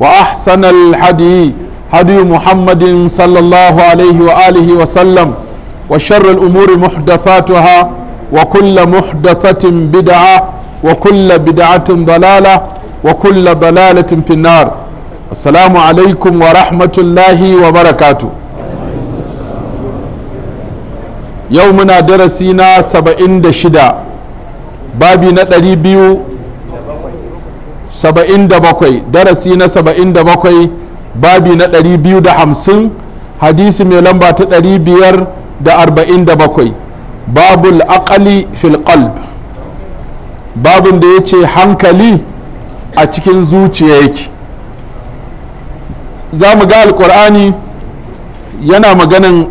وأحسن الحدي هدي محمد صلى الله عليه وآله وسلم وشر الأمور محدثاتها وكل محدثة بدعة وكل بدعة ضلالة وكل ضلالة في النار السلام عليكم ورحمة الله وبركاته يومنا درسينا سبعين دشدا babi na ɗari biyu 77 darasi na 77 babi na 250 hadisi mai lamba ta 547 babul aqali fil qalb babin da ya ce hankali a cikin zuciya yake za mu ga alkur'ani yana maganin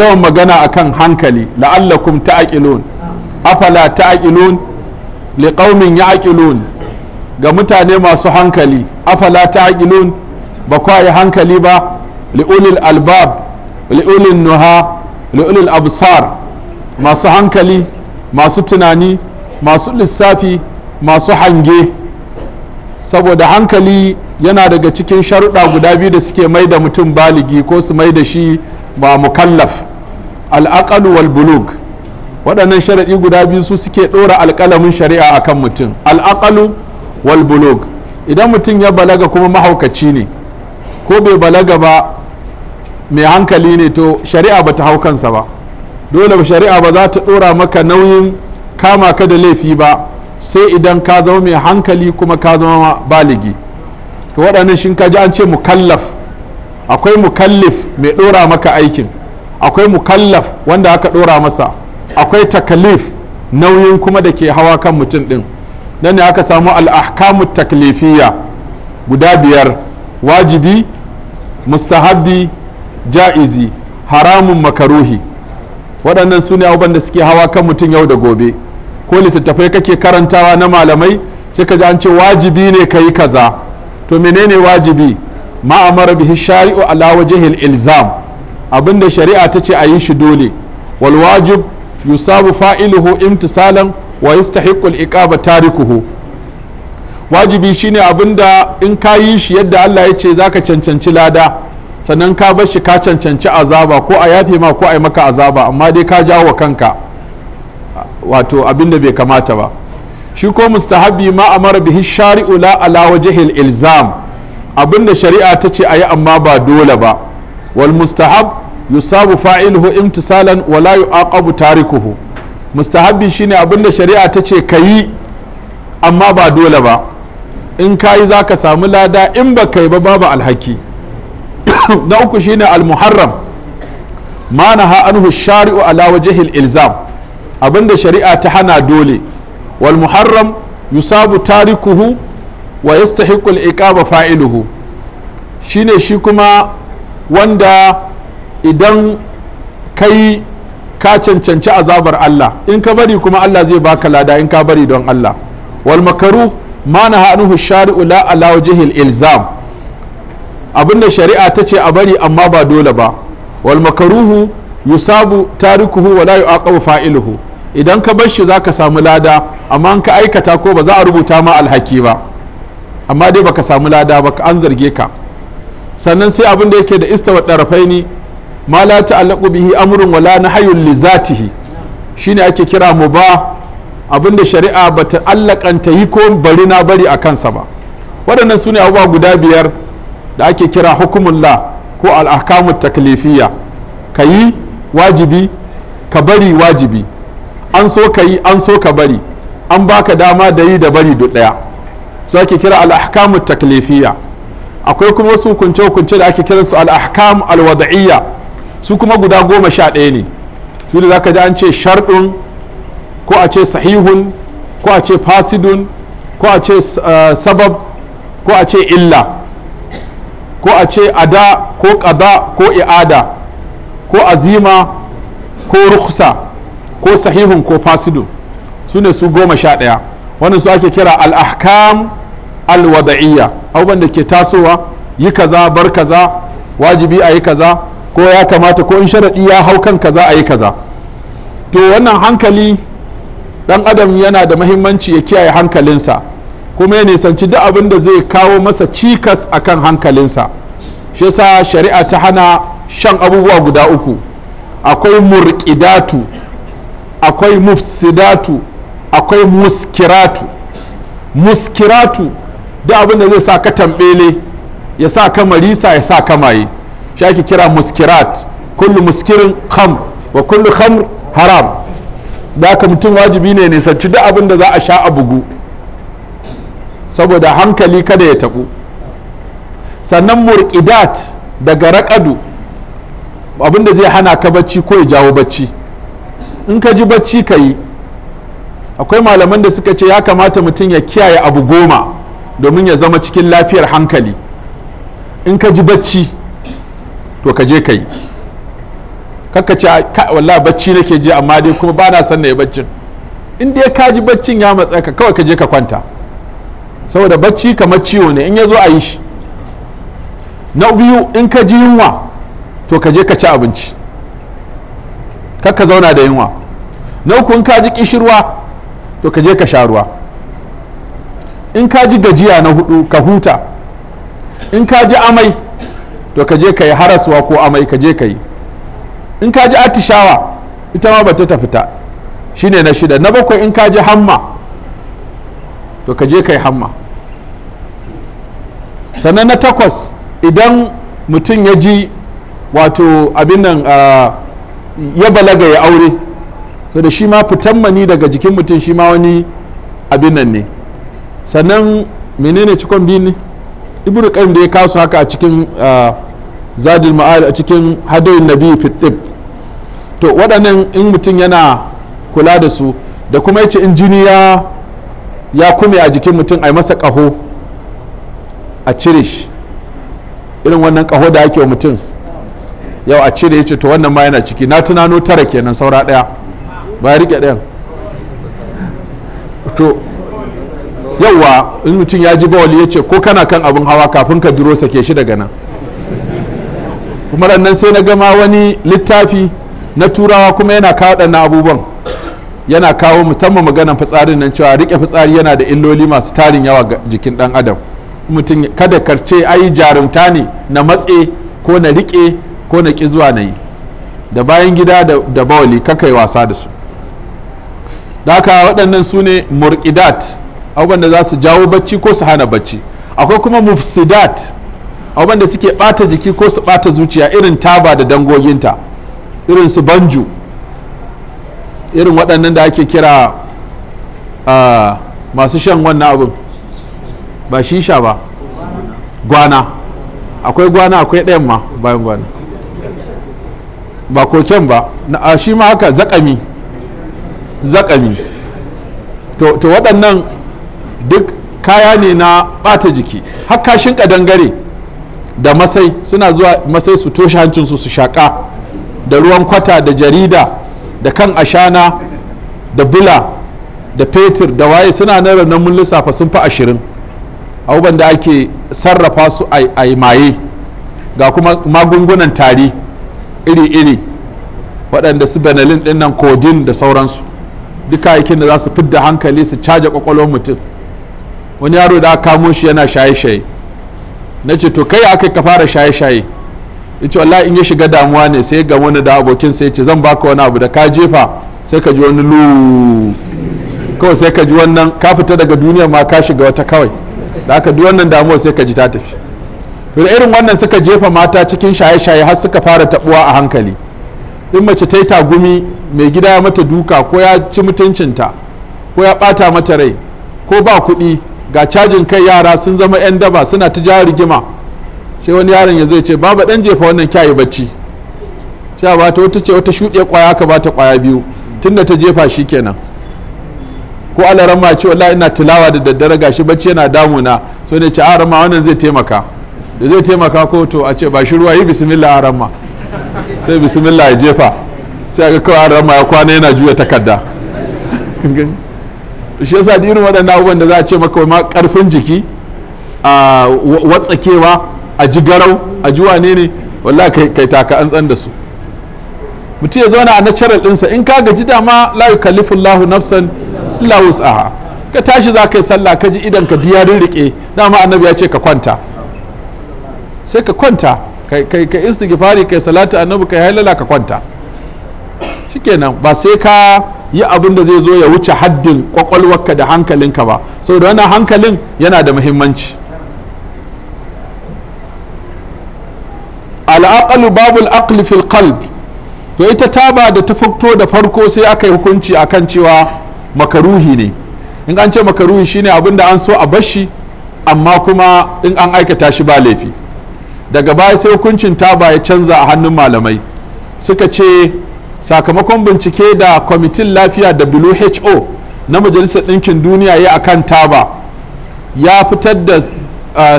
yawan magana akan hankali la'allakum ta'aqilun afala ta'aqilun liqaumin ya'qilun ga mutane masu hankali afala ta'qilun ba kwaye hankali ba li'ulil albab li'ulil nuha li'ulil absar masu hankali masu tunani masu lissafi masu hange saboda hankali yana daga cikin sharuɗa guda biyu da suke mai da mutum baligi ko su mai da shi ba mukallaf al'aqalu wal bulug waɗannan sharaɗi guda biyu su suke ɗora alƙalamin shari'a akan mutum al'aqalu wal idan mutum ya balaga kuma mahaukaci ne ko bai balaga ba mai hankali ne to shari'a ba ta hau kansa ba dole ba shari'a ba za ta ɗora maka nauyin kama ka da laifi ba sai idan ka zama mai hankali kuma ka zama baligi to waɗannan shin ka ji an ce mukallaf akwai mukallif mai ɗora maka aikin akwai mukallaf wanda aka ɗora masa akwai takalif nauyin kuma da ke hawa kan mutum ɗin nan ne aka samu al'ahkamu taklifiya guda biyar wajibi mustahabbi ja'izi haramun makaruhi waɗannan su ne abubuwan da suke hawa kan mutum yau da gobe ko littattafai kake karantawa na malamai sai ka ji an ce wajibi ne ka yi kaza to menene wajibi ma'amar bihi shari'u ala wajihil ilzam abinda shari'a ta ce a yi shi dole wal wajib yusabu fa'iluhu imtisalan wa yastahiqqu al-iqaba tarikuhu wajibi shine abinda in ka yi shi yadda Allah ya ce zaka cancanci lada sannan ka bar shi ka cancanci azaba ko a yafe ma ko a yi maka azaba amma dai ka jawo wa kanka wato abinda bai kamata ba shi ko mustahabi ma amara bihi shari'u la ala wajhil ilzam abinda shari'a ta ce ayi amma ba dole ba wal mustahab yusabu fa'iluhu imtisalan wa la yu'aqabu tarikuhu mustahabbi shine abinda shari'a ta ce ka yi amma ba dole ba in ka yi za ka samu lada in ba ka yi ba babu alhaki na uku shine almuharram ma ha anhu shari'u ala wajihil ilzam abinda shari'a ta hana dole walmuharram muharram yusabu tarikuhu wa yastahiqu al iqaba fa'iluhu shine shi kuma wanda idan kai ka cancanci azabar Allah in ka bari kuma Allah zai baka lada in ka bari don Allah wal makaru ma na hannu shari'u la ala wajhil ilzam abinda shari'a ta ce a bari amma ba dole ba wal makaruhu yusabu tarikuhu wa la yuqabu fa'iluhu idan ka bar shi zaka samu lada amma in ka aikata ko ba za a rubuta ma alhaki ba amma dai baka samu lada ba an zarge ka sannan sai abin da yake da istawa ɗarafaini ma la ta'allaqu bihi amrun wala nahyun li zatihi shine ake kira mu ba abinda shari'a bata allakanta yi ko bari na bari a kansa ba waɗannan su ne abubuwa guda biyar da ake kira hukumun la ko al'akamun taklifiya ka yi wajibi ka bari wajibi an so ka yi an so ka bari an baka dama da yi da bari duk ɗaya su ake kira al'akamun taklifiya akwai kuma wasu hukunce-hukunce da ake kiransu al'akam alwada'iyya su kuma guda goma sha ɗaya ne su da zaka ji an ce sharɗun ko a ce sahihun ko a ce fasidun ko a ce eh, sabab ko a ce illa ko a ce ada ko ƙada ko i'ada ko azima ko ruksa ko sahihun ko fasidun su ne su goma sha ɗaya wannan su ake kira al'ahkam alwada'iyya abubuwan da ke tasowa yi kaza bar kaza wajibi a yi kaza ko ya kamata ko in sharaɗi ya hau kan kaza a yi kaza to wannan hankali ɗan adam yana da mahimmanci ya kiyaye hankalinsa kuma ya nisanci duk abin da zai kawo masa cikas a kan hankalinsa shi yasa shari'a ta hana shan abubuwa guda uku akwai murƙidatu akwai mufsidatu akwai muskiratu muskiratu duk abin da zai sa ka tambele ya sa ka marisa ya sa ka maye shi ake kira muskirat kullu muskirin kham wa kullu khamr haram da haka mutum wajibi ne nisanci duk abin da za a sha a bugu saboda hankali kada ya tabu sannan murkidat daga raƙadu abin da zai hana ka bacci ko ya jawo bacci in ka ji bacci ka akwai malaman da suka ce ya kamata mutum ya kiyaye abu goma domin ya zama cikin lafiyar hankali in ka ji bacci to ka je ka yi kakka ce wallah bacci nake je amma dai kuma ba na san na yi baccin in dai ka baccin ya matsa ka kawai ka je ka kwanta saboda bacci kamar ciwo ne in ya zo a yi shi na biyu in ka ji yunwa to ka je ka ci abinci kakka zauna da yunwa na uku in ka ji kishirwa to ka je ka sha ruwa in ka ji gajiya na hudu ka huta in ka ji amai to ka je ka yi haraswa ko amai ka je ka yi in ka ji atishawa ita ma ba ta fita shine na shida na bakwai in ka ji hamma to ka je ka yi hamma sannan na takwas idan mutum ya ji wato abin nan ya balaga ya aure to da shi ma fitan mani daga jikin mutum shi ma wani abin nan ne sannan menene cikon biyu ne ibnu qayyim da ya kasu haka a cikin zadil ma'ad a cikin hadayin nabi fitib to waɗannan in mutum yana kula da su da kuma yace injiniya ya kume a jikin mutum ai masa kaho a cire shi irin wannan kaho da ake wa mutum yau a cire yace to wannan ma yana ciki na tunano tara kenan saura daya ba ya ɗayan to yauwa in mutum ya ji bawali ya ce ko kana kan abin hawa kafin ka duro sake shi daga nan kuma nan sai na gama wani littafi na turawa kuma yana kawo ɗan abubuwan yana kawo musamman maganan fitsarin nan cewa riƙe fitsari yana da illoli masu tarin yawa ga jikin ɗan adam mutum kada karce ayi jarumta ne na matse ko na riƙe ko na ƙi zuwa na yi da bayan gida da bawali kakai wasa da su da haka waɗannan su ne murƙidat abubuwan da za su jawo bacci ko su hana bacci akwai kuma mufsidat abubuwan da suke ɓata jiki ko su ɓata zuciya irin taba da dangoginta irin su banju irin waɗannan da ake kira masu shan wannan abin ba shisha ba gwana akwai gwana akwai ɗayan ma bayan gwana ba koken ba a shi ma haka zakami zakami to waɗannan duk kaya ne na bata jiki har kashin kadangare da masai suna zuwa masai su toshe hancinsu su shaka da ruwan kwata da jarida da kan ashana da bula da fetur da waye suna na ranar mun lissafa sun fi ashirin abubuwan da ake sarrafa su a maye ga kuma magungunan tari iri-iri waɗanda su benelin ɗinnan kodin da sauransu duka yakin da za su fidda hankali su caja ƙwaƙwalwar mutum wani yaro da aka kamo shi yana shaye-shaye na ce to kai aka ka fara shaye-shaye ce wallahi in ya shiga damuwa ne sai ga wani da abokin sai ce zan baka wani abu da ka jefa sai ka ji wani lu kawai sai ka ji wannan ka fita daga duniya ma ka shiga wata kawai da aka duk wannan damuwa sai ka ji ta tafi to irin wannan suka jefa mata cikin shaye-shaye har suka fara tabuwa a hankali in mace ta yi tagumi mai gida ya mata duka ko ya ci mutuncinta ko ya bata mata rai ko ba kuɗi ga cajin kai yara sun zama 'yan daba suna ta jawo rigima sai wani yaron ya zai ce babu dan jefa wannan kyayi bacci sai a bata wata ce wata shuɗe kwaya ka ba ta kwaya biyu tunda ta jefa shi kenan ko alaran ma ce wallahi ina tilawa da daddare gashi bacci yana damuna so ne ce arama wannan zai taimaka da zai taimaka ko to a ce ba shi ruwa yi bismillah arama sai bismillah ya jefa sai ga kawai arama ya kwana yana juya takarda shi yasa da irin waɗannan abubuwan da za a ce maka ma ƙarfin jiki a watsakewa a ji garau a ji wane ne wallahi kai taka an tsan da su mutum ya zauna a natural ɗinsa in ka gaji dama la yukallifu lahu nafsan illa wus'aha ka tashi za ka yi sallah ka ji idan ka diya rike dama annabi ya ce ka kwanta sai ka kwanta kai ka istighfari kai salatu annabi kai halala ka kwanta shikenan ba sai ka yi abin da zai zo ya wuce haddin kwakwalwarka da hankalinka ba saboda wannan hankalin yana da muhimmanci al'aqalu babul aqli fil qalb to ita taba da ta fito da farko sai aka yi hukunci a kan cewa makaruhi ne in an ce makaruhi shine abin da an so a bashi amma kuma in an aikata shi ba laifi daga baya sai hukuncin taba ya canza a hannun malamai suka ce sakamakon bincike da kwamitin lafiya who na majalisar ɗinkin duniya ya akan taba ya fitar da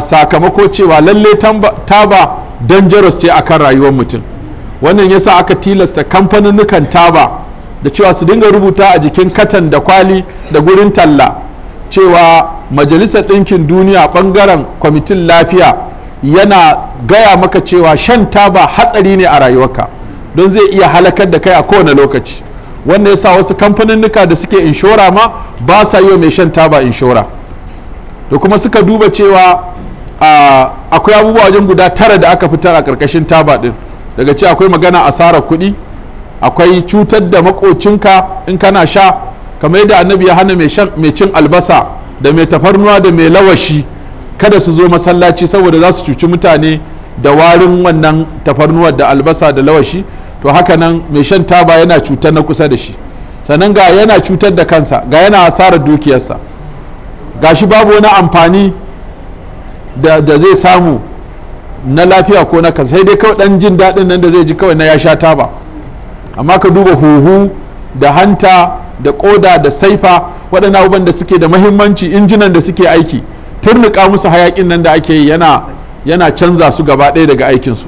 sakamako cewa lalle taba dangerous ce akan rayuwar mutum wannan yasa aka tilasta kamfanin taba da cewa su dinga rubuta a jikin katan da kwali da gurin talla cewa majalisar ɗinkin duniya ɓangaren kwamitin lafiya yana gaya maka cewa shan taba hatsari ne a rayuwarka don zai iya halakar da kai a kowane lokaci wannan sa wasu kamfanin kamfaninnika da suke inshora ma ba sa yi mai shan taba inshora da kuma suka duba cewa akwai abubuwa wajen guda tara da aka fitar a ƙarƙashin taba ɗin daga ce akwai magana asarar kuɗi akwai cutar da makocinka in kana sha kamar yadda annabi ya hana mai cin albasa da mai tafarnuwa da mai lawashi kada su zo masallaci saboda za su cuci mutane da warin wannan tafarnuwa da albasa da lawashi to haka nan mai shan taba yana cutar na kusa da shi sannan ga yana cutar da kansa ga yana asarar dukiyarsa ga shi babu wani amfani da, zai samu na lafiya ko na kansa sai dai kawai dan jin daɗin nan da zai ji kawai na ya sha taba amma ka duba huhu da hanta da ƙoda da saifa waɗannan abubuwan da suke da mahimmanci injinan da suke aiki turnuka musu hayaƙin nan da ake yi yana, yana canza su gaba ɗaya daga aikinsu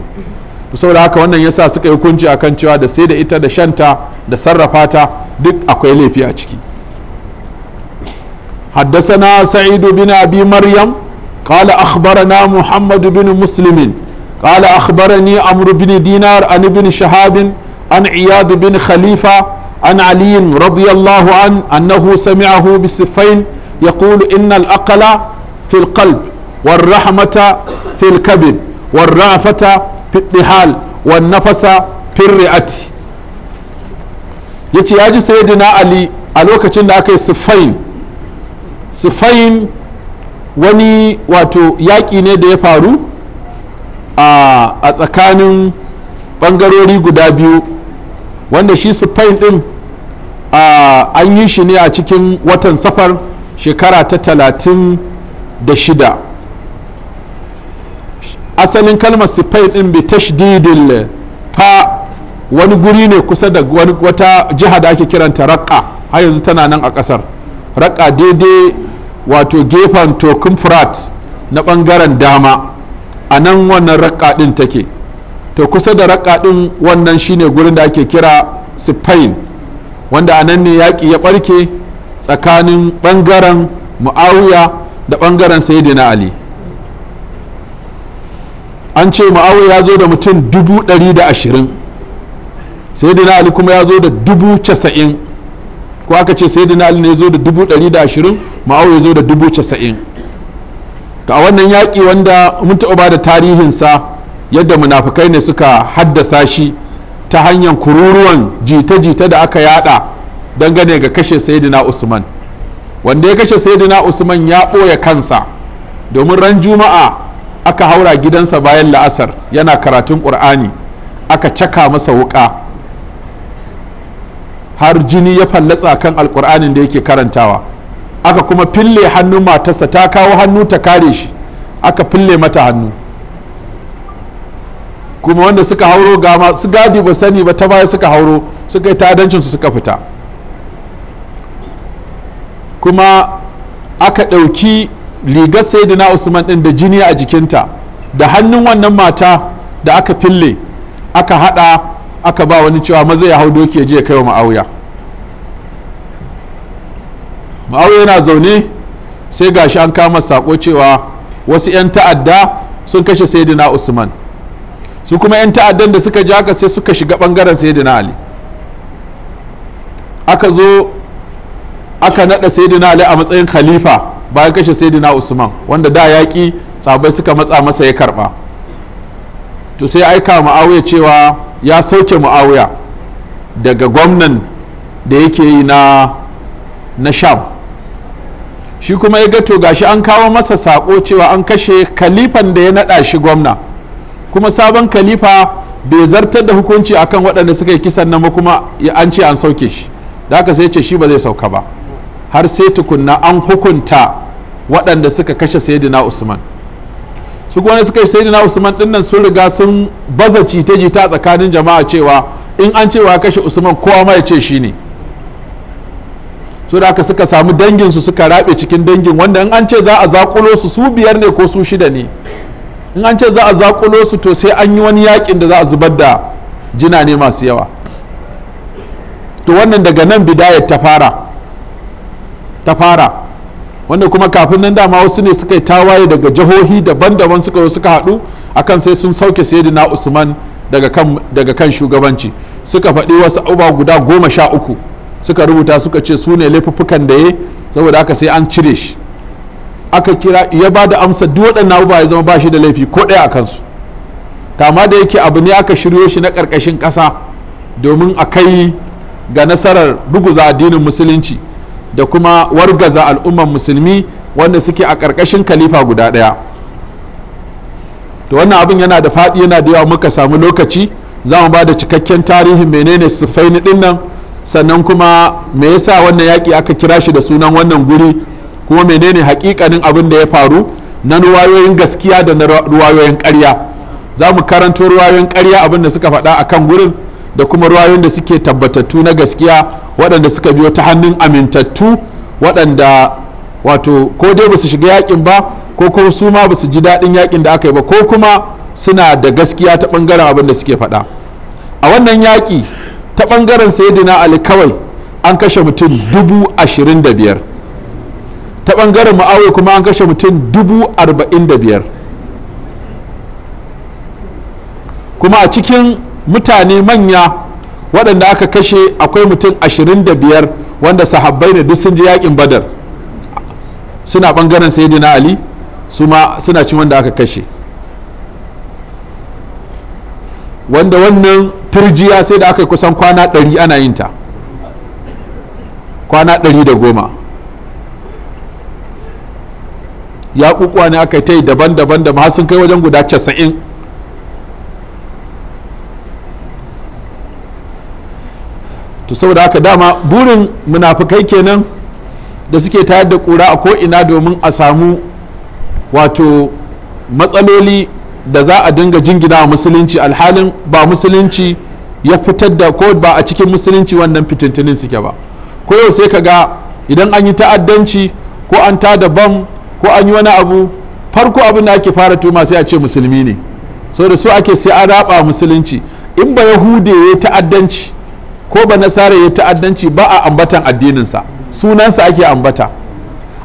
saboda haka wannan yasa suka yi hukunci akan cewa da sai da ita da shanta da sarrafa ta duk akwai laifi a ciki حدثنا سعيد بن أبي مريم قال أخبرنا محمد بن مسلم قال أخبرني عمرو بن دينار عن ابن شهاب عن عياد بن خليفة عن علي رضي الله عنه أنه سمعه بالسفين يقول إن الأقل في القلب والرحمة في الكبد والرأفة fi dihal wa nafasa fi ati yace ya ji sayyidina ali a lokacin da aka yi sifain sifain wani wato yaƙi ne da ya faru a tsakanin ɓangarori guda biyu wanda shi sifain ɗin an yi shi ne a cikin watan safar shekara ta talatin da shida asalin kalmar sifain ɗin bi tashdidil fa wani guri ne kusa da wata jiha da ake kiranta raƙa har yanzu tana nan a ƙasar raƙa daidai wato gefen tokun frat na ɓangaren dama a nan wannan raƙa ɗin take to kusa da raƙa ɗin wannan shine gurin da ake kira spain wanda a nan ne yaƙi ya ɓarke tsakanin ɓangaren mu'awiya da ɓangaren sayyidina ali an ce ma'awo ya zo da mutum dubu ɗari da ashirin ali kuma ya zo da dubu casa'in ko aka ce dina ali ne ya zo da dubu ɗari da ashirin ya zo da dubu casa'in to a wannan yaƙi wanda mun taɓa ba da tarihinsa yadda munafukai ne suka haddasa shi ta hanyar kururuwan jita-jita da aka yada dangane ga kashe Saidina usman wanda ya kashe Saidina usman ya ɓoye kansa domin ran juma'a aka haura gidansa bayan la'asar yana karatun ƙur'ani aka caka masa wuƙa har jini ya fallatsa kan alƙur'anin da yake karantawa aka kuma fille hannu matarsa ta kawo hannu ta kare shi aka fille mata hannu kuma wanda suka hauro gama su gadi ba sani ba ta baya suka hauro suka yi tadancinsu suka fita kuma aka ɗauki rigar sayyidina usman din da jini a jikinta da hannun wannan mata da aka fille aka hada aka ba wani cewa maza ya hau doki ya je kai wa ma'auya ma'auya yana zaune sai gashi an kama sako cewa wasu 'yan ta'adda sun kashe sayyidina usman su kuma 'yan ta'addan da suka jaka sai suka shiga bangaren sayyidina ali aka zo aka nada sayyidina ali a matsayin khalifa bayan kashe sayyidina usman wanda da yaƙi sabai suka matsa masa ya karɓa to sai aika ma'auya cewa ya sauke ma'auya daga gwamnan da yake yi na na sham shi kuma ya gato gashi an kawo masa sako cewa an kashe kalifan da ya naɗa shi gwamna kuma sabon kalifa bai zartar da hukunci akan waɗanda suka yi kisan nan kuma an ce an sauke shi da haka sai ce shi ba zai sauka ba har sai tukunna an hukunta waɗanda suka kashe sayyidina usman su wani suka yi sayyidina usman dinnan sun riga sun baza jita-jita tsakanin jama'a cewa in an cewa kashe usman kowa ma ya ce shi ne su da suka samu dangin su suka rabe cikin dangin wanda in an ce za a zakulo su su biyar ne ko su shida ne in an ce za a zakulo su to sai an yi wani yakin da za a zubar da jina ne masu yawa to wannan daga nan bidayar ta fara ta fara wanda kuma kafin nan dama wasu ne suka yi tawaye daga jihohi daban-daban suka yi suka haɗu akan sai sun sauke na usman daga kan shugabanci suka faɗi wasu abubuwa guda goma sha uku suka rubuta suka ce su ne laifuffukan da ya saboda aka sai an cire shi aka kira ya ba da amsa duk waɗannan abubuwa ya zama ba shi da laifi ko ɗaya a kansu kama da yake abu ne aka shiryo shi na ƙarƙashin ƙasa domin a kai ga nasarar ruguza addinin musulunci da kuma wargaza al'umman musulmi wanda suke a ƙarƙashin kalifa guda ɗaya to wannan abin yana da faɗi yana da yawa muka samu lokaci za mu ba da cikakken tarihin menene sufaini ɗin nan sannan kuma me yasa wannan yaƙi aka kira shi da sunan wannan guri kuma menene haƙiƙanin abin da ya faru na ruwayoyin gaskiya da na ruwayoyin ƙarya za mu karanto ruwayoyin ƙarya abin da suka faɗa a kan gurin da kuma ruwayoyin da suke tabbatattu na gaskiya waɗanda suka biyo ta hannun amintattu waɗanda wato ko dai ba su shiga yakin ba ko kuma su ma ba su ji daɗin yakin da aka yi ba ko kuma suna da gaskiya ta ɓangaren abin da suke faɗa a wannan yaki ta ɓangaren sayidina ali kawai an kashe mutum dubu ashirin da biyar ta ɓangaren ma'awai kuma an kashe mutum dubu arba'in da biyar kuma a cikin mutane manya waɗanda aka kashe akwai mutum ashirin da biyar wanda sahabbai ne duk sun ji yakin badar suna ɓangaren sayyidina ali su ma suna cin wanda aka kashe wanda wannan turjiya sai da aka yi kusan kwana ɗari ana yin ta kwana ɗari da goma ya ƙuƙuwa ne aka yi ta yi daban-daban da ma sun kai wajen guda casa'in to saboda haka dama burin munafukai kenan da suke tayar da kura a ko'ina domin a samu wato matsaloli da za a dinga jingina wa musulunci alhalin ba musulunci ya fitar da ko ba a cikin musulunci wannan fitintunin suke ba ko yau sai ka ga idan an yi ta'addanci ko an ta bam ko an yi wani abu farko abin da ake fara tuma sai a ce musulmi ne so su ake sai an raba musulunci in ba yahude ya ta'addanci ko ba nasara ya ta'addanci ba a ambatan addininsa sunansa ake ambata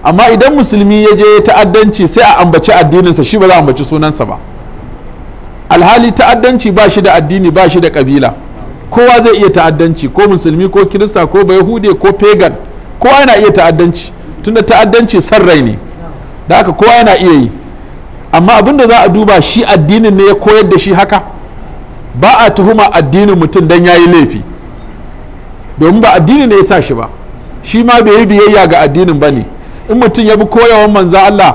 amma idan musulmi ya je ya ta'addanci sai a ambaci addininsa shi ba za a ambaci sunansa ba alhali ta'addanci ba shi da addini ba shi da kabila kowa zai iya ta'addanci ko musulmi ko kirista ko bayahude ko pagan kowa yana iya ta'addanci tunda ta'addanci san rai ne da haka kowa yana iya yi amma abin da za a duba shi addinin ne ya koyar da shi haka ba a tuhuma addinin mutum don ya yi laifi domin ba addini ne ya sa shi ba shi ma bai yi biyayya ga addinin ba ne in mutum ya bi koyawan manzo Allah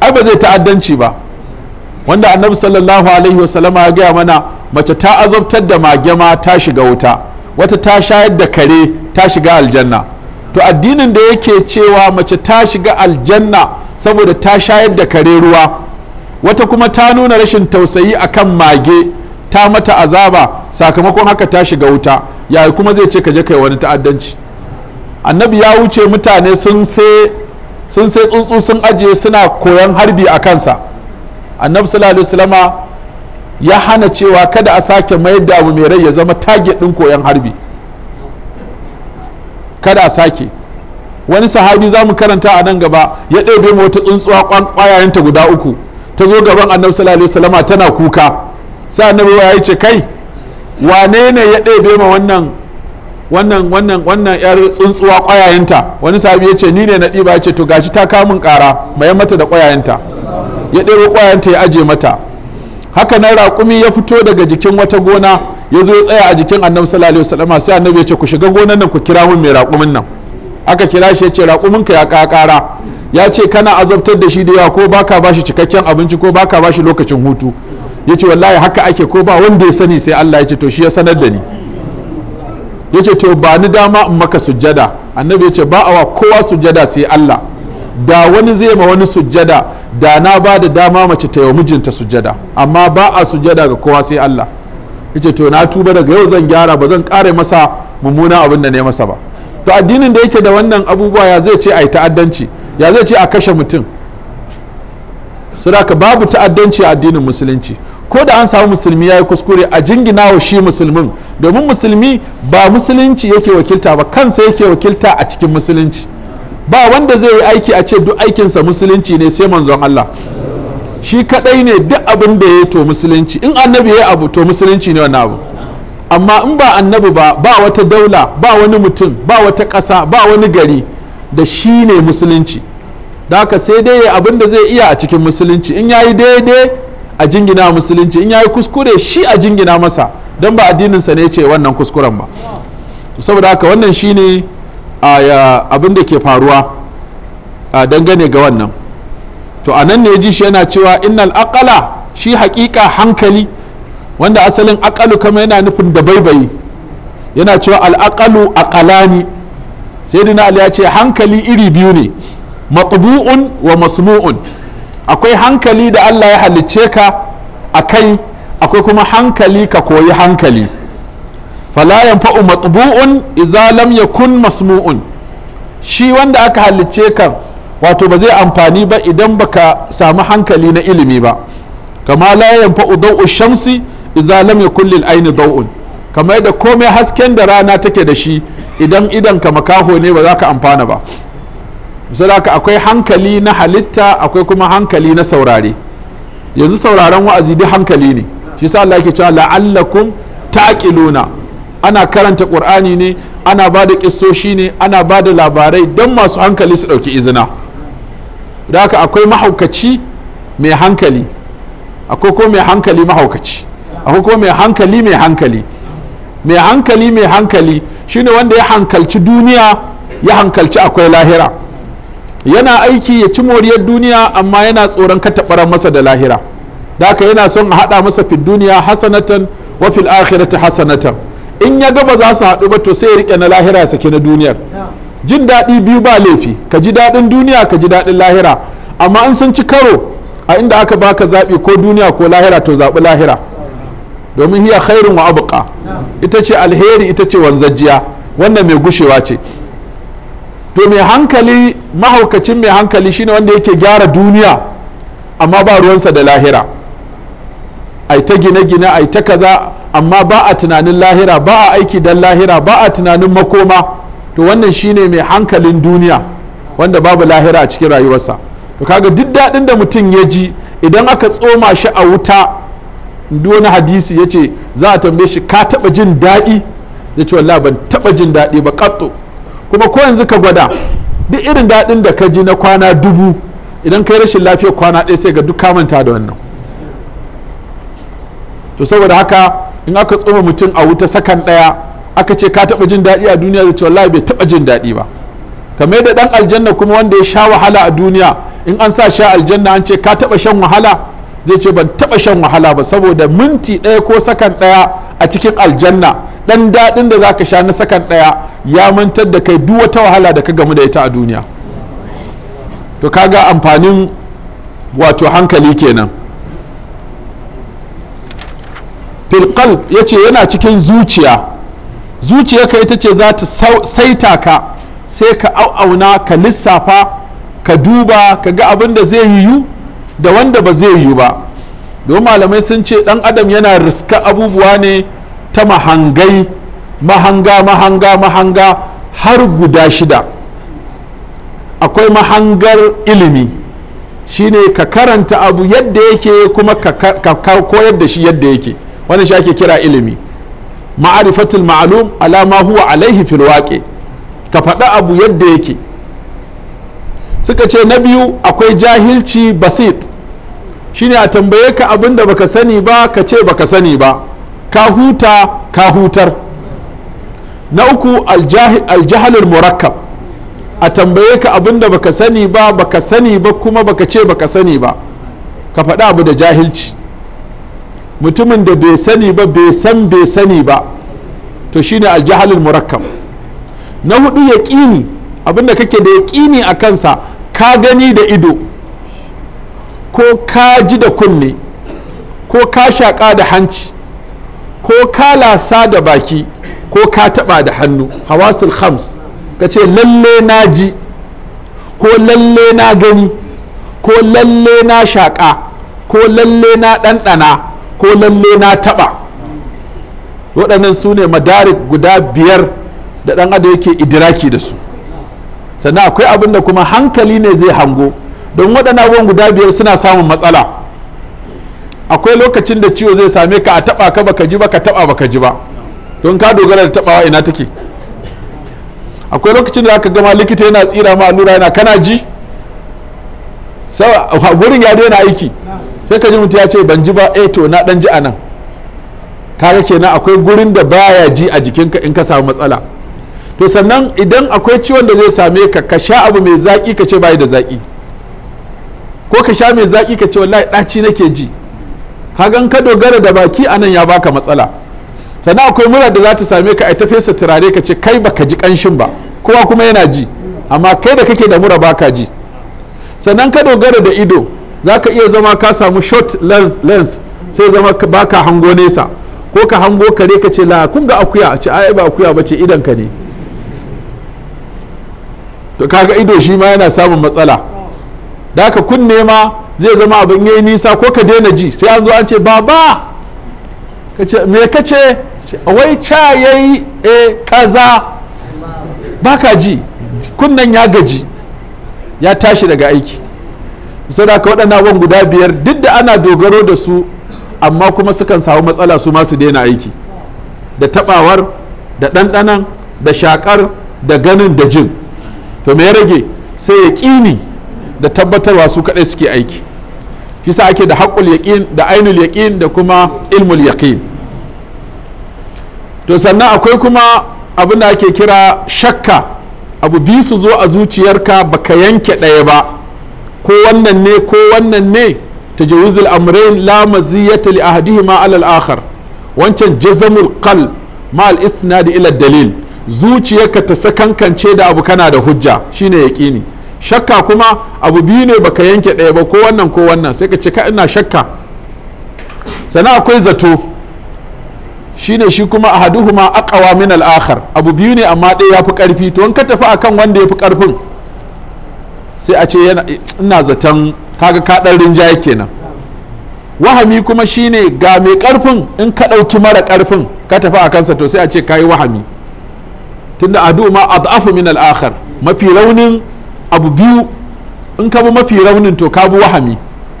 ai ba zai ta'addanci ba wanda annabi sallallahu alaihi wasallama ya gaya mana mace ta azabtar da magema ta shiga wuta wata ta shayar da kare ta shiga aljanna to addinin da yake cewa mace ta shiga aljanna saboda ta shayar da kare ruwa wata kuma ta nuna rashin tausayi akan mage ta mata azaba sakamakon haka ta shiga wuta ya kuma zai ce ka je kai wani ta'addanci annabi ya wuce mutane sun sai tsuntsu sun ajiye suna koyon harbi a kansa annabi sallallahu alaihi ya hana cewa kada a sake mayar da abu mai rai ya zama target din koyon harbi kada a sake wani sahabi za mu karanta a nan gaba ya ɗebe mu wata tsuntsuwa kwayayenta guda uku ta zo gaban annabi sallallahu alaihi tana kuka sai annabi ya ce kai wane ne ya ɗebe ma wannan wannan wannan wannan yar tsuntsuwa ƙwayayenta wani sabi ya ce ni ne na ɗiba ya ce to gashi ta kamun ƙara mayan mata da ƙwayayenta ya ɗebo ƙwayayenta ya aje mata haka nan raƙumi ya fito daga jikin wata gona ya zo ya tsaya a jikin annabi sallallahu alaihi wasallam sai annabi ya ce ku shiga gonan nan ku kira mun mai raƙumin nan aka kira shi ya ce ka ya ƙara. ya ce kana azabtar da shi da yawa ko baka bashi cikakken abinci ko baka bashi lokacin hutu ya ce wallahi haka ake ko ba wanda ya sani sai Allah ya ce to shi ya sanar da ni ya ce to ba ni dama in maka sujjada annabi ya ce ba awa kowa sujjada sai Allah da wani zai ma wani sujjada da na ba da dama mace ta yau mijinta sujjada amma ba a sujjada ga kowa sai Allah ya ce to na tuba daga yau zan gyara ba zan kare masa mummuna abin da ne masa ba to addinin da yake da wannan abubuwa ya zai ce a yi ta'addanci ya zai ce a kashe mutum ka babu ta'addanci a addinin musulunci ko da an samu musulmi ya yi kuskure a jingina wa shi musulmin domin musulmi ba musulunci yake wakilta ba kansa yake wakilta a cikin musulunci ba wanda zai yi aiki a ce duk aikinsa musulunci ne sai manzon Allah shi kadai ne duk abin da ya to musulunci in annabi ya abu to musulunci ne wannan abu amma in ba annabi ba ba wata daula ba wani mutum ba wata ƙasa ba wani gari da shi ne musulunci da haka sai dai abin da zai iya a cikin musulunci in ya yi daidai a jingina musulunci in ya yi kuskure shi a jingina masa don ba addininsa ne ce wannan kuskuren ba saboda haka wannan shine abin da ke faruwa dangane ga wannan to a nan ne ji shi yana cewa innal aqala shi hakika hankali wanda asalin akalu kama yana nufin da baibayi yana cewa al'aqalu aqalani sai dina ya ce hankali iri biyu ne matbu'un wa masmu'un akwai hankali da Allah ya halicce ka a kai akwai kuma hankali ka koyi hankali falayan fa'u matbu'un izalam ya yakun masmu'un shi wanda aka halicce ka wato ba zai amfani ba idan baka samu hankali na ilimi ba kama layan fa’u shamsi izalam ya yakun lil kamar da komai hasken da rana take da shi idan idan ka makaho ne ba za ka amfana ba saboda akwai hankali na halitta akwai kuma hankali na saurare yanzu sauraren wa'azi duk hankali ne shi sa Allah yake cewa la'allakum taqiluna ana karanta qur'ani ne ana bada da kissoshi ne ana ba da labarai don masu hankali su ɗauki izina da haka akwai mahaukaci mai hankali akwai ko mai hankali mahaukaci akwai ko mai hankali mai hankali mai hankali mai hankali shine wanda ya hankalci duniya ya hankalci akwai lahira yana aiki ya ci moriyar duniya amma yana tsoron katabaran masa da lahira da haka yana son a haɗa masa fi duniya hasanatan wa fil akhirati hasanatan in ya gaba za su haɗu ba to sai ya riƙe na lahira ya saki na duniyar jin daɗi biyu ba laifi ka ji daɗin duniya ka ji daɗin lahira amma in sun ci karo a inda aka baka zaɓi ko duniya ko lahira to zaɓi lahira domin hiya khairun wa abuka ita ce alheri ita ce wanzajjiya wannan mai gushewa ce to mai hankali mahaukacin mai hankali shine wanda yake gyara duniya amma ba ruwansa da lahira aita ta gine-gine aita ta kaza amma ba a tunanin lahira ba a aiki don lahira ba a tunanin makoma to wannan shine mai hankalin duniya wanda babu lahira a cikin rayuwarsa to kaga duk daɗin da mutum ya ji idan aka tsoma shi a wuta wani hadisi ya ce za a tambaye shi ka taɓa jin daɗi ya ce wallah ban taɓa jin daɗi ba ƙatto kuma ko yanzu ka gwada duk irin daɗin da ka ji na kwana dubu idan ka yi rashin lafiya kwana ɗaya sai ga duk kamanta da wannan to saboda haka in aka tsoma mutum a wuta sakan ɗaya aka ce ka taɓa jin daɗi a duniya da ce bai taɓa jin daɗi ba kamar da ɗan aljanna kuma wanda ya sha wahala a duniya in an sa sha aljanna an ce ka taɓa shan wahala zai ce ban taɓa shan wahala ba saboda minti ɗaya ko sakan ɗaya a cikin aljanna dan daɗin da zaka sha na sakan ɗaya ya mantar da kai duk wata wahala da ka gamu da ita a duniya to kaga amfanin wato hankali kenan filkal ya ce yana cikin zuciya zuciyarka ita ce za ta saita ka sai ka auna ka lissafa ka duba ka ga abin da zai yiwu da wanda ba zai yiwu ba don malamai sun ce dan adam yana riska abubuwa ne ta mahangai mahanga mahanga mahanga har guda shida akwai mahangar ilimi shine ka karanta abu yadda yake kuma ka karko yadda shi yadda yake wani shi ake kira ilimi ma'arifatul ma'alum alama huwa alaihi fil ka faɗa abu yadda yake suka ce na biyu akwai jahilci basit shine a tambaye ka abin da baka sani ba ka ce baka sani ba ka huta ka hutar na uku aljahalin murakkab a tambaye ka abin da baka sani ba baka sani ba kuma baka ce baka sani ba ka faɗa abu da jahilci mutumin da bai sani ba bai san bai sani ba to shine aljahalin murakkab na hudu yaƙini abin da kake da yaƙini a kansa ka gani da ido ko ka ji da kunne ko ka shaƙa da hanci ko ka lasa da baki ko ka taba da hannu hawasul khams ka ce lalle na ji ko lalle na gani ko lalle na shaƙa ko lalle na ɗanɗana ko lalle na taɓa waɗannan su ne madarik guda biyar da ɗan adam yake idiraki da su sannan akwai abin da kuma hankali ne zai hango don waɗannan abubuwan guda biyar suna samun matsala akwai lokacin da ciwo zai same ka a taba ka baka ji ba ka taba baka ji ba don ka dogara da tabawa ina take akwai lokacin da aka gama likita yana tsira ma allura yana kana ji sai gurin ya daina aiki sai ka ji mutum ya ce ban ji ba eh to na dan ji anan kaga kenan akwai gurin da baya ji a jikinka in ka samu matsala to sannan idan akwai ciwon da zai same ka ka sha abu mai zaki ka ce bai da zaki ko ka sha mai zaki ka ce wallahi daci nake ji hagan ka dogara da baki anan ya baka matsala sannan akwai mura da za ta same ka a ta fesa turare ka ce kai baka ji kanshin ba kowa kuma yana ji amma kai da kake da mura baka ji sannan ka dogara da ido za ka iya zama ka samu short lens, sai zama baka hango nesa ko ka hango kare ka ce la kun ga akuya ce ai ba akuya ba ce idan ka ne to kaga ido shi ma yana samun matsala da ka kunne ma zai zama abin yayi nisa ko ka daina ji sai an zo an ce baba ka me ka ce wai ca yayi e kaza baka ji kunnan ya gaji ya tashi daga aiki saboda ka waɗannan abubuwan guda biyar duk da ana dogaro da su amma kuma sukan samu matsala su masu daina aiki da tabawar da ɗanɗanan da shakar da ganin da jin to me ya rage sai ya ƙini da tabbatarwa su kaɗai suke aiki shi sa ake da haƙul yaƙin da ainul yaƙin da kuma ilmul yaƙin to sannan akwai kuma abin da ake kira shakka abu bi su zo a zuciyarka baka yanke ɗaya ba ko wannan ne ko wannan ne ta tajawuzul amrain la maziyata li ahadihima ala al-akhar wancan jazamul qal ma al-isnad ila dalil zuciyarka ta sakankance da abu kana da hujja shine yaqini shakka kuma abu biyu ne baka yanke ɗaya ba ko wannan ko wannan sai ka ce ka ina shakka sannan akwai zato shine shi kuma a a ƙawa min al abu biyu ne amma ɗaya ya fi ƙarfi to in ka tafi akan wanda ya fi ƙarfin sai a ce ina zaton kaga ka rinja rinjaye kenan wahami kuma shine ga mai ƙarfin in ka ɗauki mara ƙarfin ka tafi a kansa to sai a ce ka yi wahami tunda a ad'afu min al-akhar mafi raunin abu biyu in ka bi mafi raunin to ka bi wahami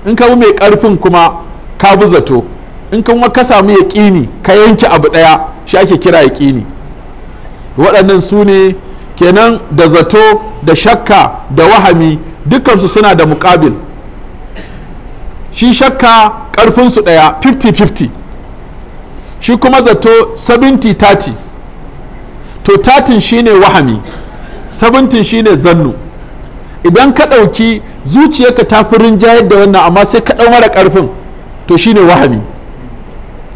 in ka bi mai karfin kuma ka bi zato in kuma ka samu yaƙini ka yanke abu ɗaya shi ake kira yaƙini waɗannan su ne kenan da zato da shakka da wahami dukansu suna da mukabil shi shakka ƙarfinsu ɗaya 50-50 shi kuma zato 70-30 to tatin shine wahami 70 shine zannu idan ka ɗauki zuciyarka ta fi rinjayar da wannan amma sai ka ɗau mara ƙarfin to shine wahami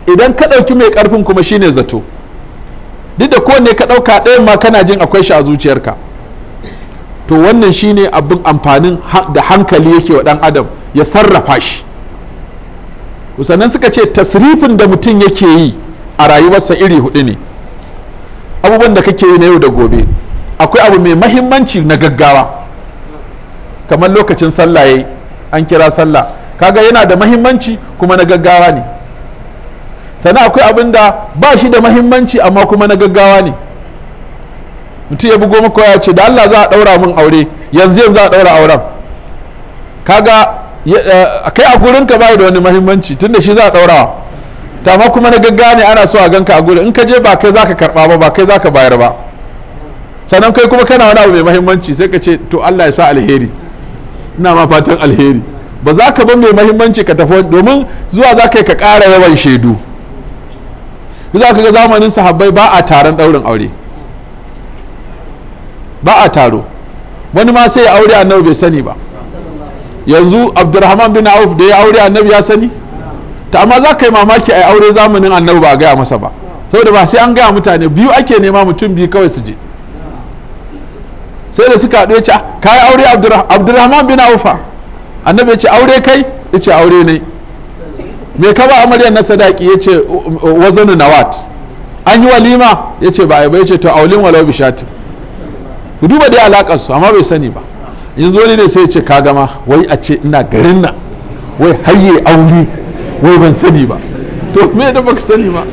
idan ka ɗauki mai ƙarfin kuma shine zato duk da kowanne ka ɗauka ɗayan ma kana jin akwai shi a zuciyarka to wannan shine abin amfanin da hankali yake wa ɗan adam ya sarrafa shi sannan suka ce tasrifin da mutum yake yi a rayuwarsa iri huɗu ne abubuwan da kake yi na yau da gobe akwai abu mai mahimmanci na gaggawa kamar lokacin sallah yayi an kira sallah kaga yana da mahimmanci kuma na gaggawa ne sannan akwai abin da ba shi da mahimmanci amma kuma na gaggawa ne mutum ya bugo maka ya ce da Allah za a ɗaura min aure yanzu yanzu za a ɗaura auren kaga eh, kai a gurinka bai da wani mahimmanci tunda shi za a ɗaurawa ta amma kuma na gaggawa ne ana so a ganka a gurin in ka je ba kai zaka karɓa ba ba kai zaka bayar ba sannan kai kuma kana wani abu mai mahimmanci sai ka ce to Allah ya sa alheri ina ma fatan alheri ba za ka bar mai mahimmanci ka tafi domin zuwa za ka yi ka ƙara yawan shaidu za ka ga zamanin sahabbai ba a taron ɗaurin aure ba a taro wani ma sai ya aure annabi bai sani ba yanzu abdurrahman bin auf da ya aure annabi ya sani ta amma za ka yi mamaki a yi aure zamanin annabi ba a gaya masa ba saboda ba sai an gaya mutane biyu ake nema mutum biyu kawai su je sai da suka haɗu ya ce ah, ka yi aure abdurrahman bin aufa annabi ya ce aure kai ya ce aure ne me ka ba amaryar na sadaki ya ce wazanu nawat an yi walima ya ce ba a yi ba ya ce to aulin walau bishati ku duba dai alakar su amma bai sani ba yanzu wani ne sai ya ce ka gama wai a ce ina garin nan wai hayye aure wai ban sani ba to me da baka sani ba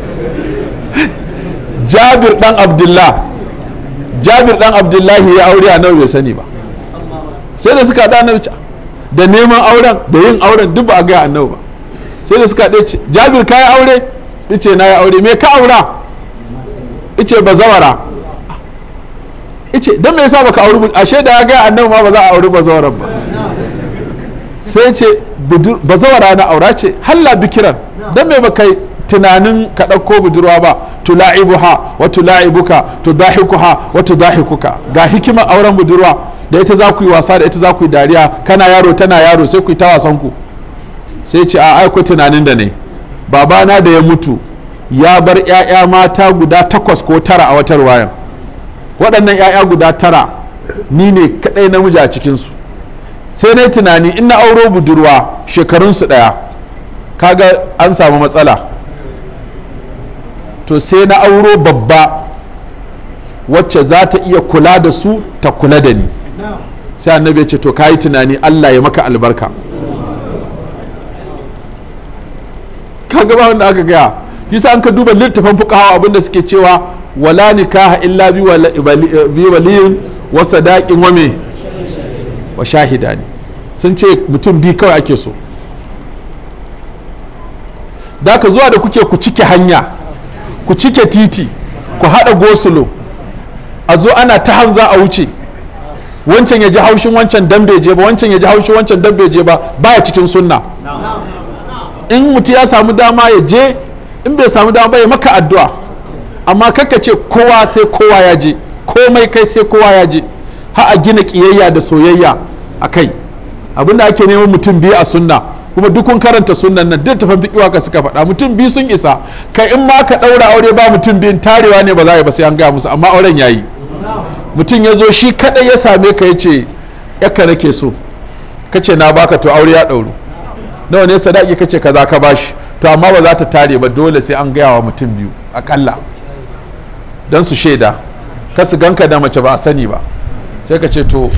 jabir dan abdullah jabir dan abdullahi ya aure a nawa bai sani ba sai da suka da da neman auren da yin auren duk ba a gaya annabi ba sai da suka dace jabir ka yi aure ice na yi aure me ka aura ice ba zawara ice don me yasa baka auri ashe da ya gaya annabi ma ba za a auri ba zawaran ba sai ce ba zawara na aura ce halla bikiran don me baka yi tunanin ka ɗauko budurwa ba tu ha wa tula'ibuka ha wa ka ga hikimar auren budurwa da ita za ku yi wasa da ita za ku yi dariya kana yaro tana yaro sai ku yi ta wasan ku sai ce a aiko tunanin da ne babana da ya mutu ya bar 'ya'ya mata guda takwas ko tara a wata ruwayan waɗannan 'ya'ya guda tara ni ne kaɗai namiji a cikinsu sai na tunani in na auro budurwa shekarunsu ɗaya kaga an samu matsala to sai na auro babba wacce za ta iya kula da su ta kula da ni sai annabi ya ce to kayi tunani Allah ya maka albarka ka ba wanda aka gaya yasa an ka duba littafin fukawa abinda suke cewa wala nikaha illa bi waliyin wa sadaqin wa me wa shahidani sun ce mutum bi kawai ake so da ka zuwa da kuke ku cike hanya ku cike titi ku haɗa gosulo a zo ana ta hanza a wuce wancan ya ji haushin wancan dan bai je ba wancan ya ji haushin wancan dan bai je ba ba baya cikin sunna in mutum ya samu dama ya je in bai samu dama ba ya maka addu'a amma kakka ce kowa sai kowa ya je komai kai sai kowa ya je har a gina kiyayya da soyayya a kai abinda ake neman mutum biyu a sunna kuma duk kun karanta sunan nan duk tafan fiƙi waka suka faɗa mutum biyu sun isa kai in ma ka ɗaura aure ba mutum biyun tarewa ne ba za a yi ba sai an gaya musu amma auren ya yi mutum ya zo shi kaɗai ya same ka ya ce yakka nake so ka ce na baka to aure ya ɗauru nawa ne sadaki ka ce kaza ka bashi to amma ba za ta tare ba dole sai an gaya wa mutum biyu akalla don su shaida ka su ganka da mace ba a sani ba sai ka ce to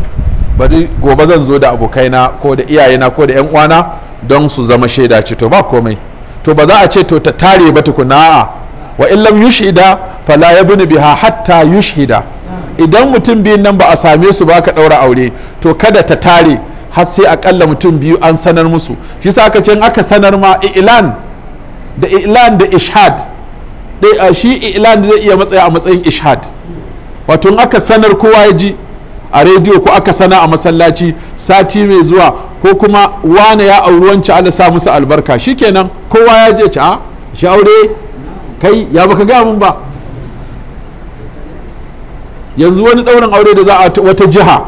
bari gobe zan zo da abokaina ko da iyayena ko da 'yan uwana don su zama shaida ce to ba komai to ba za a ce to ta tare ba tukuna a wa illam yushida fala yabni biha hatta yushida idan mutum biyun nan ba a same su ba ka daura aure to kada ta tare har sai akalla mutum biyu an sanar musu shi sa aka ce in aka sanar ma i'lan da i'lan da ishad a shi i'lan zai iya matsaya a matsayin ishad wato in aka sanar kowa ya ji a rediyo ko aka sana a masallaci sati mai zuwa ko kuma wane ya auri wance Allah sa musu albarka shikenan kowa ya je ci a ah, shi aure kai ya baka ga mun ba yanzu wani ɗaurin aure da za a wata jiha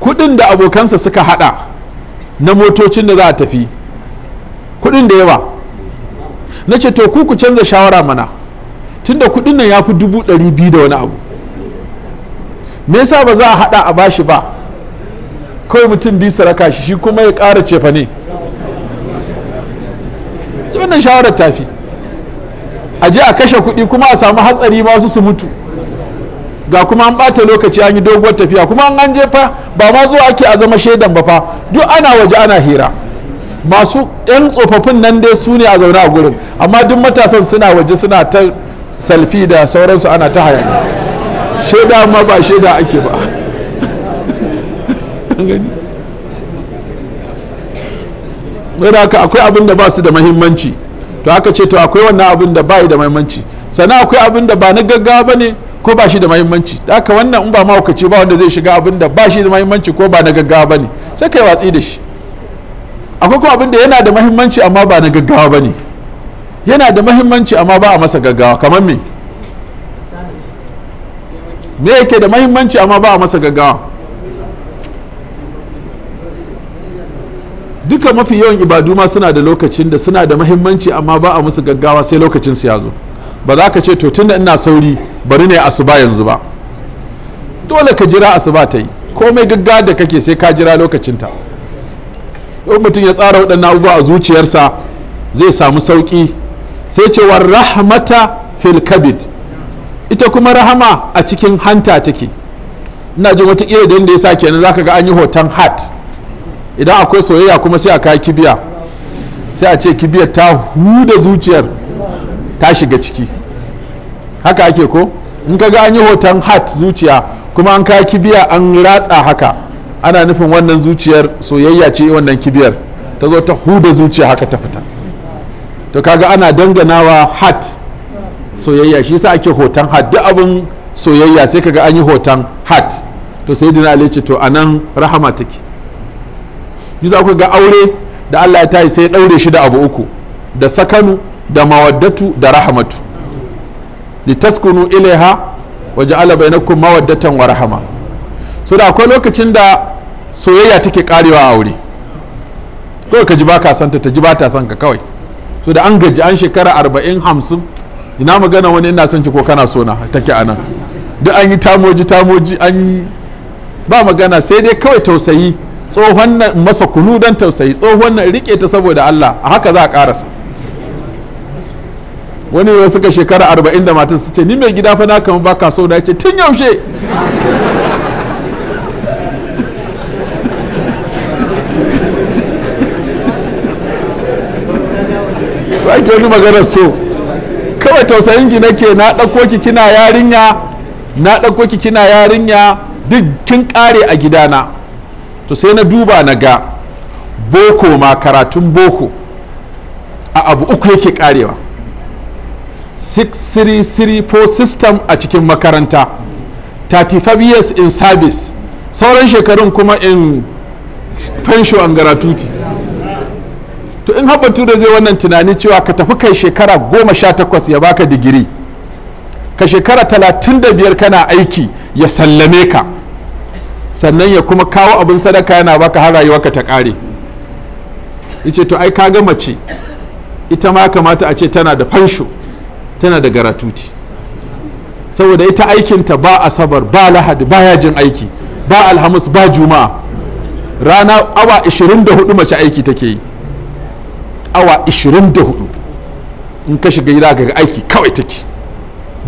kudin da abokansa suka hada na motocin da za a tafi kudin da yawa na ce to ku canza shawara mana tunda kudin nan ya fi dubu ɗari biyu da wani abu me yasa ba za a hada a bashi ba kawai mutum biyu su shi shi kuma ya ƙara cefa ne wannan shawarar tafi a je a kashe kuɗi kuma a samu hatsari masu su mutu ga kuma an bata lokaci an yi doguwar tafiya kuma an je fa ba ma zuwa ake a zama shaidan ba fa duk ana waje ana hira masu 'yan tsofaffin nan dai su ne a zaune a gurin amma duk matasan suna waje suna ta salfi da sauransu ana ta hayani shaida ma ba shaida ake ba gani da haka akwai abin da ba su da mahimmanci to haka ce to akwai wannan abin da ba da mahimmanci sannan akwai abin da ba na gaggawa ba ne ko ba shi da mahimmanci da haka wannan in ba mahaukaci ba wanda zai shiga abin da ba shi da mahimmanci ko ba na gaggawa ba ne sai kai watsi da shi akwai kuma abin da yana da mahimmanci amma ba na gaggawa ba ne yana da mahimmanci amma ba a masa gaggawa kamar me me yake da mahimmanci amma ba a masa gaggawa duka mafi yawan ibadu ma suna da lokacin da suna da mahimmanci amma ba a musu gaggawa sai lokacin su ya zo ba za ka ce to tunda ina sauri bari ne asuba yanzu ba dole ka jira asuba ta yi komai gaggawa da kake sai ka jira lokacinta in mutum ya tsara waɗannan abubuwa a zuciyarsa zai samu sauƙi sai ce wa rahmata fil kabid ita kuma rahama a cikin hanta take ina jin wata da yadda ya sa kenan zaka ga an yi hoton hat idan akwai soyayya kuma sai a kawo kibiya sai a ce kibiyar ta huda zuciyar ta shiga ciki haka ake ko in ka ga an yi hoton hat zuciya kuma an kai kibiya an ratsa haka ana nufin wannan zuciyar soyayya ce wannan kibiyar ta zo ta huda zuciya haka ta fita to kaga ana danganawa hat soyayya shi yasa ake hoton hat duk abin soyayya sai kaga an yi hoton hat to sai dina ce to anan rahama take yi za ku ga aure da Allah ya tayi sai ya daure shi da abu uku da sakanu da mawaddatu da rahmatu taskunu ilaiha wa ja'ala bainakum mawaddatan wa rahama so da akwai lokacin da soyayya take karewa a aure kawai ka ji baka santa ta ji ba ta son ka kawai so da an gaji an shekara arba'in hamsin ina magana wani ina son ki ko kana so na take anan duk an yi tamoji tamoji an yi ba magana sai dai kawai tausayi tsohon nan masa kunu don tausayi tsohon nan rike ta saboda Allah a haka za a karasa wani yau suka shekara arba'in da matan su ce ni mai gida fa na kama ba so na ce tun yaushe ba ki wani maganar so kawai tausayin ki nake na ɗauko kina yarinya na ɗauko kina yarinya duk kin ƙare a gidana to sai na duba na ga boko ma karatun boko a abu uku yake karewa 6334 system a cikin makaranta 35 years in service sauran shekarun kuma in fensho an garatuti to in haɓatu da zai wannan tunani cewa ka tafi kai shekara 18 sha ya baka digiri ka shekara 35 kana aiki ya sallame ka sannan ya kuma kawo abin sadaka yana baka har rayuwarka ta kare. yace to ai kaga mace ita ma kamata a ce tana da fansho tana da garatuti saboda ita aikinta ba asabar ba lahadi ba yajin aiki ba alhamis ba juma'a rana awa 24 mace aiki take yi awa 24 in ka shiga gida ga aiki kawai take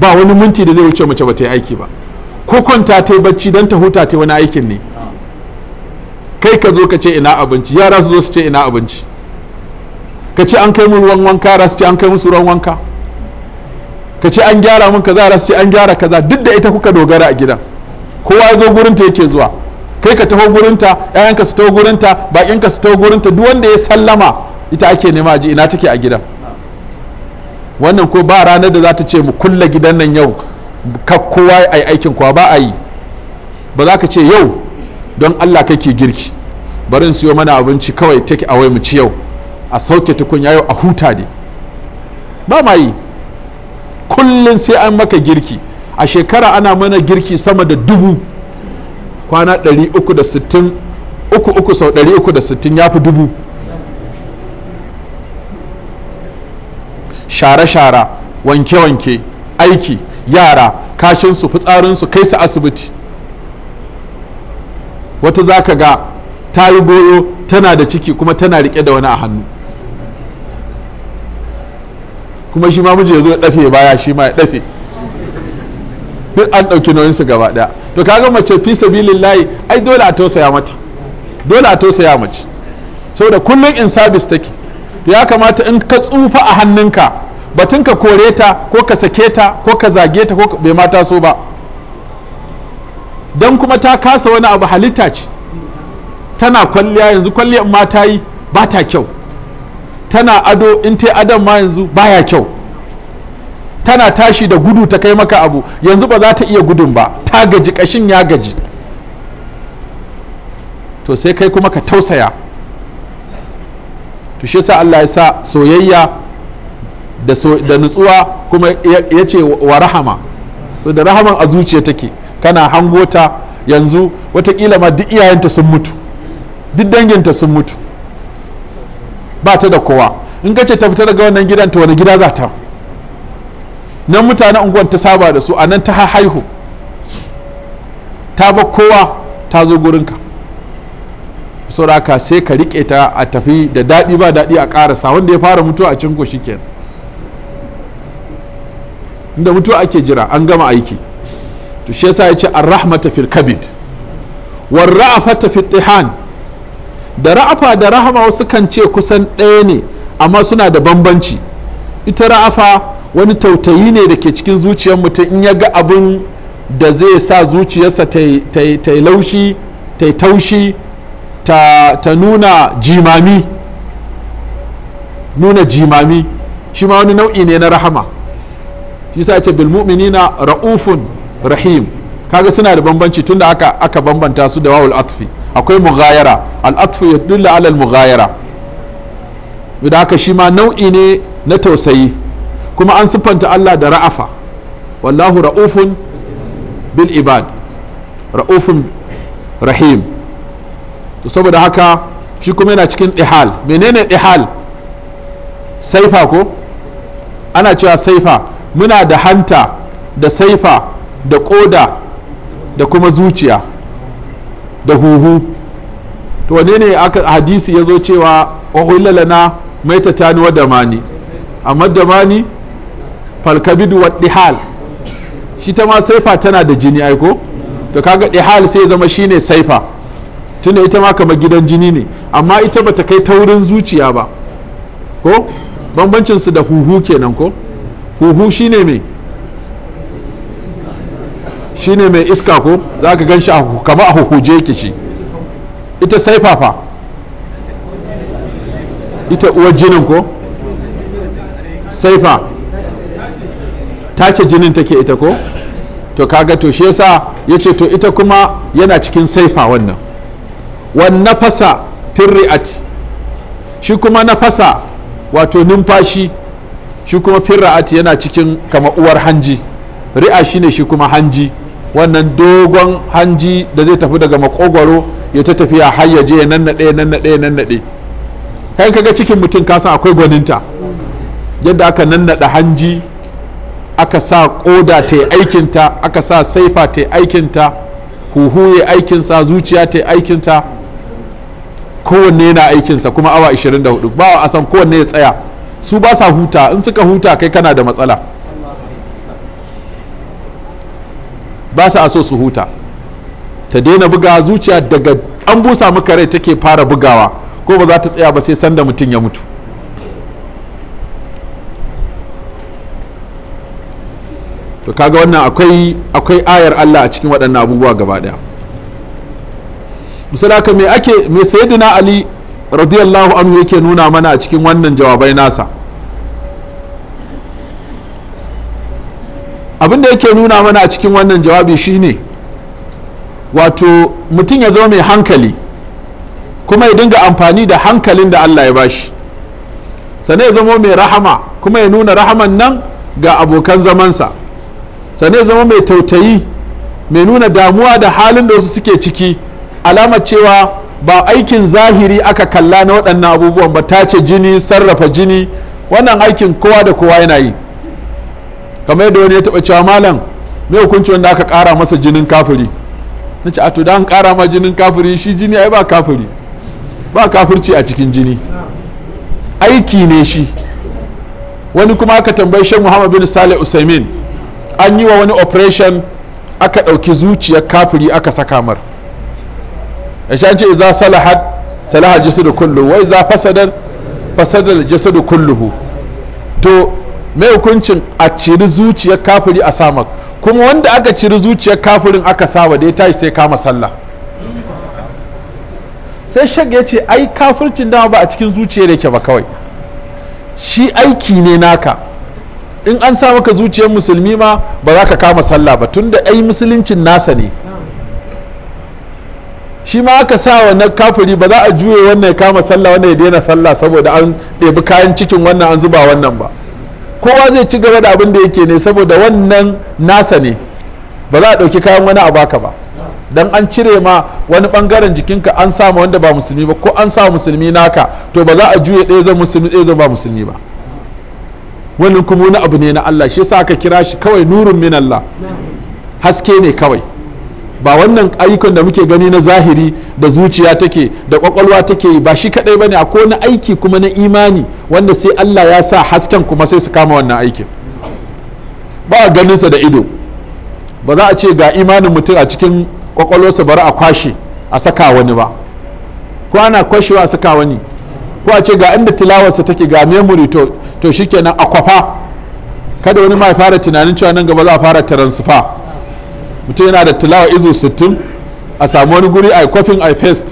ba wani minti da zai wuce mace ba ta yi aiki ba ko kwanta ta bacci don ta huta ta wani aikin ne kai ka zo ka ce ina abinci yara su zo su ce ina abinci ka ce an kai mu ruwan wanka ra su ce an kai musu ruwan wanka ka ce an gyara mun kaza ra su ce an gyara kaza duk da ita kuka dogara a gidan kowa ya zo gurinta yake zuwa kai ka taho gurinta ƴaƴanka su taho gurinta baƙinka su taho gurinta duk wanda ya sallama ita ake nema ji ina take a gidan wannan ko ba ranar da za ta ce mu kulle gidan nan yau kowa a yi aikin kwa ba a yi ba za ka ce yau don allah kake girki barin siyo mana abinci kawai take away mu ci yau a sauke tukunya yau a huta ne ba ma yi kullum sai an maka girki a shekara ana mana girki sama da dubu kwana 360 360 ya fi dubu share-share wanke-wanke aiki yara kashinsu fitsarinsu kai su asibiti wata za ka ga ta yi goyo tana da ciki kuma tana rike da wani a hannu kuma shi ma miji ya zo ya dafe baya shi ma ya dafe duk an ɗauki nauyinsu gaba ɗaya to kaga mace fi sabilin layi ai dole a tausaya mata dole a tausaya mace saboda kullum in sabis take ya kamata in ka tsufa a hannunka batun ka kore ta ko ka sake ta ko ka zage ta ko bai mata so ba don kuma ta kasa wani abu halitta ce tana kwalliya yanzu kwalliyar ma ta yi ba ta kyau tana ado in ta adam ma yanzu baya kyau tana tashi da gudu ta kai maka abu yanzu ba za ta iya gudun ba ta gaji kashin ya gaji to sai kai kuma ka tausaya to sa Allah ya sa soyayya da nutsuwa kuma ya ce wa rahama so da rahaman a zuciya take kana hango ta yanzu watakila ma duk iyayenta sun mutu duk danginta sun mutu ba ta da kowa in ka ce ta fita daga wannan gidan ta wani gida za ta nan mutane unguwar ta saba da su a nan ta haihu ta ba kowa ta zo gurinka saboda sai ka riƙe ta a tafi da daɗi ba daɗi a ƙarasa wanda ya fara mutuwa a cinko shi kenan inda mutuwa ake jira an gama aiki to shi yasa ya ce an rahmata fil kabid war ra'afa tihan da ra'afa da rahama wasu kan ce kusan ɗaya ne amma suna da bambanci ita ra'afa wani tautayi ne da ke cikin zuciyar mutum in ya ga abin da zai sa zuciyarsa ta yi laushi ta taushi ta nuna jimami nuna jimami shi ma wani nau'i ne na rahama shi sa ce bil ra'ufun rahim kaga suna da bambanci tunda aka aka bambanta su da wawul atfi akwai mugayara al atfu yadullu ala al mughayara da haka shi ma nau'i ne na tausayi kuma an siffanta Allah da ra'afa wallahu ra'ufun bil ibad ra'ufun rahim to saboda haka shi kuma yana cikin ihal menene ihal saifa ko ana cewa saifa muna da hanta da saifa da ƙoda da kuma zuciya da huhu to wane ne aka hadisi ya zo cewa lana mai ta tani wa damani amma damani falkabidu wa dihal shi ta ma saifa tana da jini aiko to kaga dihal sai zama shine saifa tunda ita ma kamar gidan jini ne amma ita ba ta kai taurin zuciya ba ko bambancinsu da huhu kenan ko huhu shine mai shine mai iska ko za ka gan shi kama a huhuje yake shi ita saifafa ita uwar jinin ko saifa tace jinin take ita ko to kaga to shi yasa ya ce to ita kuma yana cikin saifa wannan wan nafasa firri'ati shi kuma nafasa wato numfashi shi kuma firra'ati yana cikin kama uwar hanji ri'a shine shi kuma hanji wannan dogon hanji da zai tafi daga makogwaro ya ta tafiya har ya je ya nannaɗe nannaɗe nannaɗe kai kaga cikin mutum ka san akwai gwaninta yadda aka nannaɗa hanji aka sa ƙoda ta aikinta aka sa saifa ta aikinta huhu ya aikinsa zuciya ta aikinta kowanne yana aikinsa kuma awa 24 ba a san kowanne ya tsaya su ba sa huta in suka huta kai kana da matsala ba sa so su huta ta daina buga zuciya daga an busa maka rai take fara bugawa ko ba za ta tsaya ba sai sanda mutum ya mutu to kaga wannan akwai akwai ayar Allah a cikin waɗannan abubuwa gaba ɗaya misali haka me ake me sayyidina ali radiyallahu anhu yake nuna mana a cikin wannan jawabai nasa abin da yake nuna mana a cikin wannan jawabi shine wato mutum ya zama mai hankali kuma ya dinga amfani da hankalin da Allah ya bashi sannan ya zama mai rahama kuma ya nuna rahaman nan ga abokan zamansa sane ya zama mai tautayi mai nuna damuwa da halin da wasu suke ciki alamar cewa ba aikin zahiri aka kalla na waɗannan abubuwan ba tace jini sarrafa jini wannan aikin kowa da kowa yana yi kamar yadda wani ya taɓa cewa malam me hukunci wanda aka ƙara masa jinin kafiri na ce a to dan ƙara ma jinin kafiri shi jini ai ba kafiri ba kafirci a cikin jini aiki ne shi wani kuma aka tambayi shan muhammad bin salih usaimin an yi wa wani operation aka ɗauki zuciyar kafiri aka saka mar in ce za salahat salaha jisudu kullu wai wa idza fasadar fasada kulluhu to mai hukuncin a ciri zuciyar kafiri a sama kuma wanda aka ciri zuciyar kafirin aka saba da ya tashi sai kama sallah sai shag ya ce ai kafircin dama ba a cikin zuciyar yake ba kawai shi aiki ne naka in an sa maka zuciyar musulmi ma ba za ka kama sallah ba tunda ai musuluncin nasa ne shi ma aka sa wannan kafiri ba za a juye wannan ya kama sallah wannan ya daina sallah saboda an ɗebi kayan cikin wannan an zuba wannan ba kowa zai ci gaba da abin da yake ne saboda wannan nasa ne ba za a ɗauki kayan wani a baka ba dan an cire ma wani bangaren jikinka an samu wanda ba musulmi ba ko an sa musulmi naka to ba za a juye ɗaya zan musulmi ɗaya zan ba musulmi ba wani kuma wani abu ne na Allah shi yasa aka kira shi kawai nurun min Allah haske ne kawai ba wannan ayyukan da muke gani na zahiri da zuciya take da kwakwalwa take yi ba shi kadai bane ko na aiki kuma na imani wanda sai Allah ya sa hasken kuma sai su kama wannan aikin ba a ganinsa da ido ba za a ce ga imanin mutum a cikin kwakwalwarsa bari a kwashe a saka wani ba ko ana kwashewa a saka wani ko a ce ga inda tilawarsa take ga memory to to shikenan a kwafa kada wani ma fara tunanin cewa nan gaba za a fara transfer mutum yana da tilawa izu 60 a samu wani guri a kofin a fest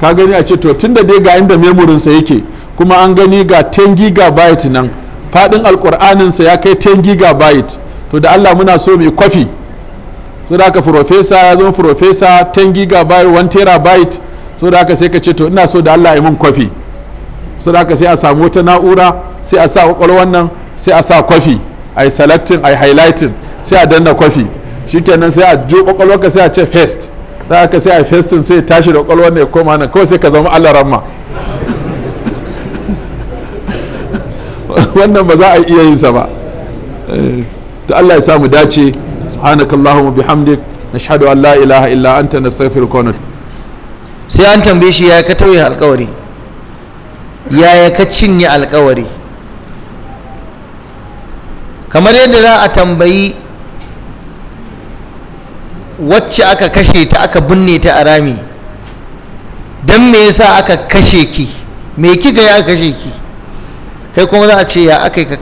ka gani a ce to tun da dai ga inda memorinsa yake kuma an gani ga 10 gigabyte nan faɗin alƙur'aninsa ya kai 10 gigabyte to da allah muna so mai kwafi so da aka profesa ya zama profesa 10 gigabyte 1 terabyte so da aka sai ka ce to ina so da allah ya mun kwafi so da aka sai a samu wata na'ura sai a sa kwakwalwan nan sai a sa kwafi a yi selecting a yi highlighting sai a danna kwafi shikenan sai a ju kwakwalwarka sai a ce fest za ka sai a festin sai tashi da kwakwalwa ne koma nan kawai sai ka zama allah ramma wannan ba za a iya yin sa ba eh, to allah ya samu dace allahumma bihamdik nashhadu an la ilaha illa anta nastaghfiruka wa sai an tambaye shi ya ka tauye alkawari yaya ka cinye alkawari kamar yadda za a tambayi wacce aka kashe ta aka binne ta a rami don me yasa aka kashe ki me kika ya kashe ki kai kuma za a ce ya aka yi ka